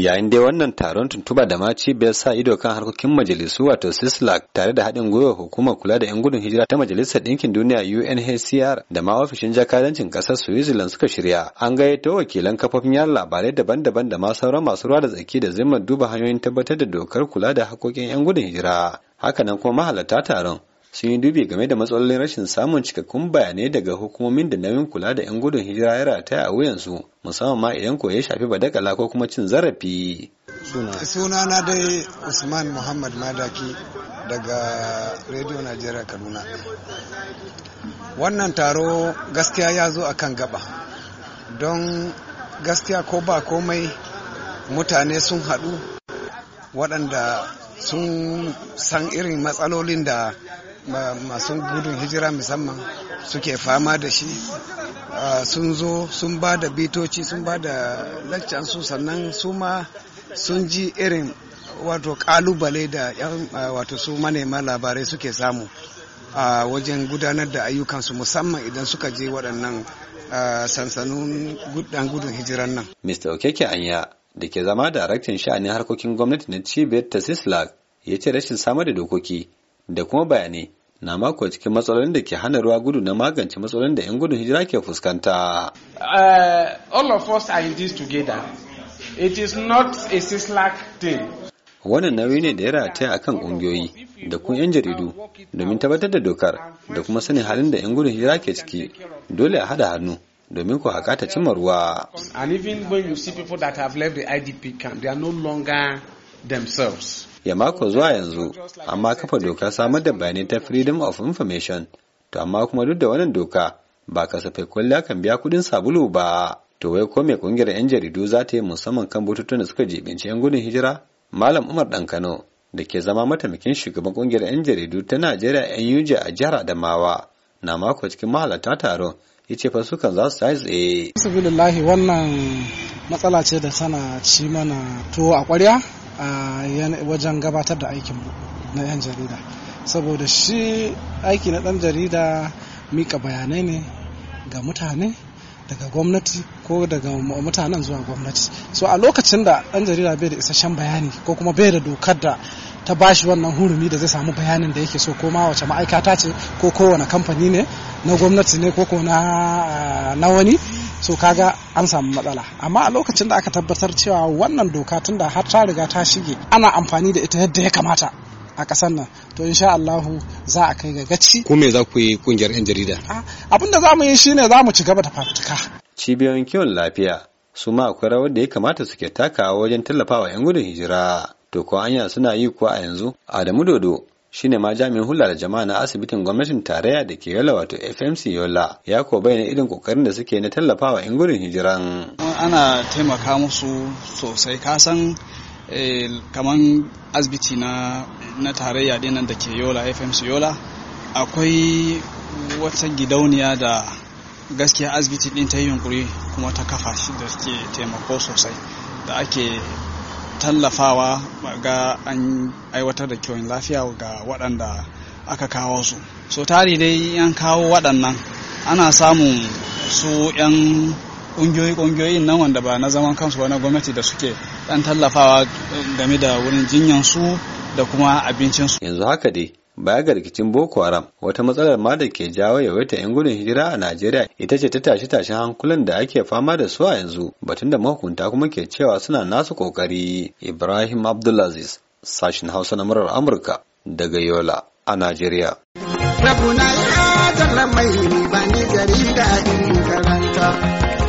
yayin dai wannan taron tuntuba da ma cibiyar sa ido kan harkokin majalisu wato sislak tare da haɗin gwiwar hukumar kula da 'yan gudun hijira ta majalisar ɗinkin duniya unhcr da ma ofishin jakadancin ƙasar switzerland suka shirya an gayyato wakilan kafofin yara labarai daban-daban da ma sauran masu ruwa da tsaki da zimmar duba hanyoyin tabbatar da dokar kula da harkokin 'yan gudun hijira hakanan kuma mahalarta taron sun yi dubi game da matsalolin rashin samun cikakkun bayanai daga hukumomin da nauyin kula da 'yan gudun hijira ya rataya a wuyansu musamman ma idan ko ya shafi badakala ko kuma cin zarafi. suna na dai usman muhammad madaki daga radio najeriya kaduna wannan taro gaskiya ya zo a kan gaba don gaskiya ko ba komai mutane sun haɗu waɗanda sun san irin matsalolin da masu gudun hijira musamman suke fama da shi sun zo sun ba da bitoci sun ba da su sannan su ma sun ji irin wato kalubale da yan wato su manema labarai suke samu a wajen gudanar da ayyukansu musamman idan suka je waɗannan sansanin gudan gudun hijiran nan. Mr. Okeke Anya da ke zama daraktan sha'anin harkokin gwamnati na cibiyar ta Sislak ya ce rashin samar da dokoki da kuma bayanai na mako cikin matsalolin da ke hana ruwa gudu na magance matsalolin da 'yan gudun hijira ke fuskanta. Uh, all of us are in this together. It is not a slack thing. Wannan nauyi ne da ya rataya a kan ƙungiyoyi da kun 'yan jaridu domin tabbatar da dokar da kuma sanin halin da 'yan gudun hijira ke ciki dole a haɗa hannu domin ku haƙa ta cimma ruwa. And even when you see people that have left the IDP camp, they are no longer themselves. Ya mako zuwa yanzu, amma kafa doka samar da bayanai ta Freedom of Information, to amma kuma duk da wannan doka ba kasafai kwalliya kan biya kudin sabulu ba. To wai ko mai kungiyar 'yan jaridu za ta yi musamman kan bututun da suka jibinci 'yan gudun hijira? Malam Umar Dan Kano da ke zama mataimakin shugaban kungiyar 'yan jaridu ta Najeriya 'yan yuja a jihar Adamawa na mako cikin mahalarta taron ya ce fa za su sa tsaye. Sabilillahi wannan matsala ce da sana ci mana tuwo a ƙwarya wajen gabatar da aikin na 'yan jarida saboda shi aiki na dan jarida mika bayanai ne ga mutane daga gwamnati ko daga mutanen zuwa gwamnati so a lokacin da dan jarida bai da isasshen bayani ko kuma bai da dokar da ta bashi wannan hurumi da zai samu bayanin da yake so ko ma wace ma'aikata ce ko kowane kamfani ne na gwamnati ne ko na eh, na wani so kaga an samu matsala amma a lokacin da aka tabbatar cewa wannan doka tunda har ta riga ta shige ana amfani da ita yadda ya kamata a ƙasar nan to insha Allahu za a kai ga gaci ko me za ku yi kungiyar yan jarida ah, abin da za mu yi shine za mu ci gaba da fafutuka cibiyoyin kiwon lafiya su ma akwai rawar da ya kamata suke takawa wajen tallafawa yan gudun hijira to ko anya suna yi kuwa a yanzu Adamu Dodo shine ma jami'in hula da jama'a na asibitin gwamnatin tarayya da ke yola wato fmc yola ya ko bayyana irin kokarin da suke na tallafawa yan gurin hijiran ana taimaka musu sosai kasan eh, kaman asibiti na na tarayya dinan da ke yola fmc yola akwai wata gidauniya da gaskiya asibiti din ta yi yunkuri kuma ta kafa shi da suke taimako sosai da ake tallafawa ga an aiwatar da kiwon lafiya ga waɗanda aka kawo su so tari dai yan kawo waɗannan ana samun su yan ƙungiyoyi ƙungiyoyi nan wanda ba na zaman kansu ba na gwamnati da suke ɗan tallafawa game da wurin jinyansu da kuma abincinsu yanzu haka dai baya ga rikicin boko haram wata matsalar ma da ke jawo yawaita yan gudun hijira a najeriya ita ce ta tashi tashen hankulan da ake fama da su a yanzu batun da mahukunta kuma ke cewa suna nasu kokari ibrahim abdulaziz sashin hausa na murar amurka daga yola a najeriya ya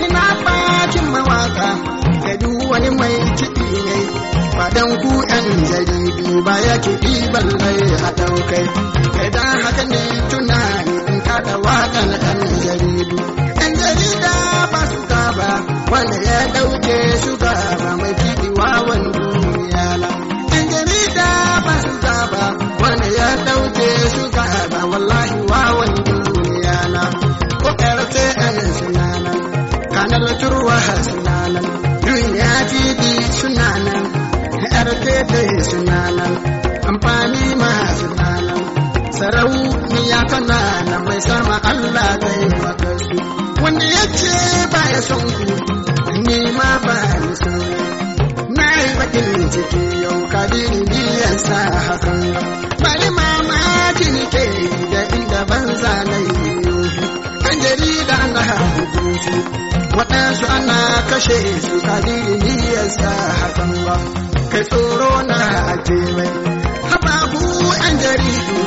ina mawaka fadan ku yan jaridu ba ya ke ɗiban mai haɗau kai idan haka ne tunani in kaɗa waƙan yan jaridu yan jarida ba su ba wanda ya ɗauke su ba mai wa wawan duniya la yan jarida ba su ba wanda ya ɗauke su ba wallahi wani duniya la ko ƙarfe yan sunanan kanar turwa sunanan duniya suna nan. yarke da sunana suna nan amfani masu nanan sarauniya tana nan mai sama allah ta yi makarsu Wani ya ce ba ya son ku ni ma ba ni son na yi bakin ciki yau kabiri biyan sa hakan bari mamaki ni ke da inda ban zanayi kan jarida na hukunci waɗansu ana kashe su kadiri biyan sa hakan ba kai tsoro na ake mai hababu an jaridu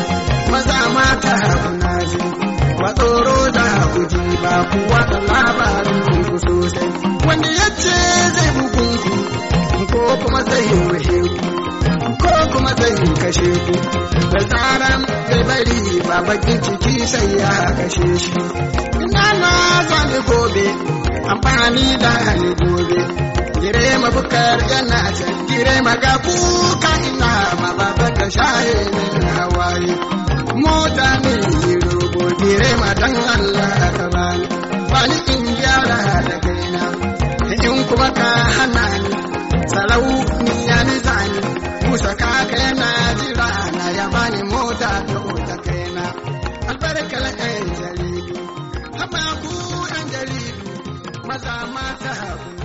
maza mata kuna ji ba tsoro da kuji ba kuwa da labarin ku sosai wani ya ce zai bugun ku ko kuma zai wuce ku ko kuma zai kashe ku da tsaran bai bari ba bakin ciki sai ya kashe shi ina na zane gobe amfani da gobe gire ma bukar yana can gire ma ga kuka ina ma ka shaye min hawaye mota ne rogo gire ma dan Allah ka ba bani in gyara da kaina in kuma ka hana ni salau ni ya ni zani kusa ka kai na jira na ya bani mota ta ta kaina albarkar ɗan jaridu haba ku ɗan jaridu maza mata haku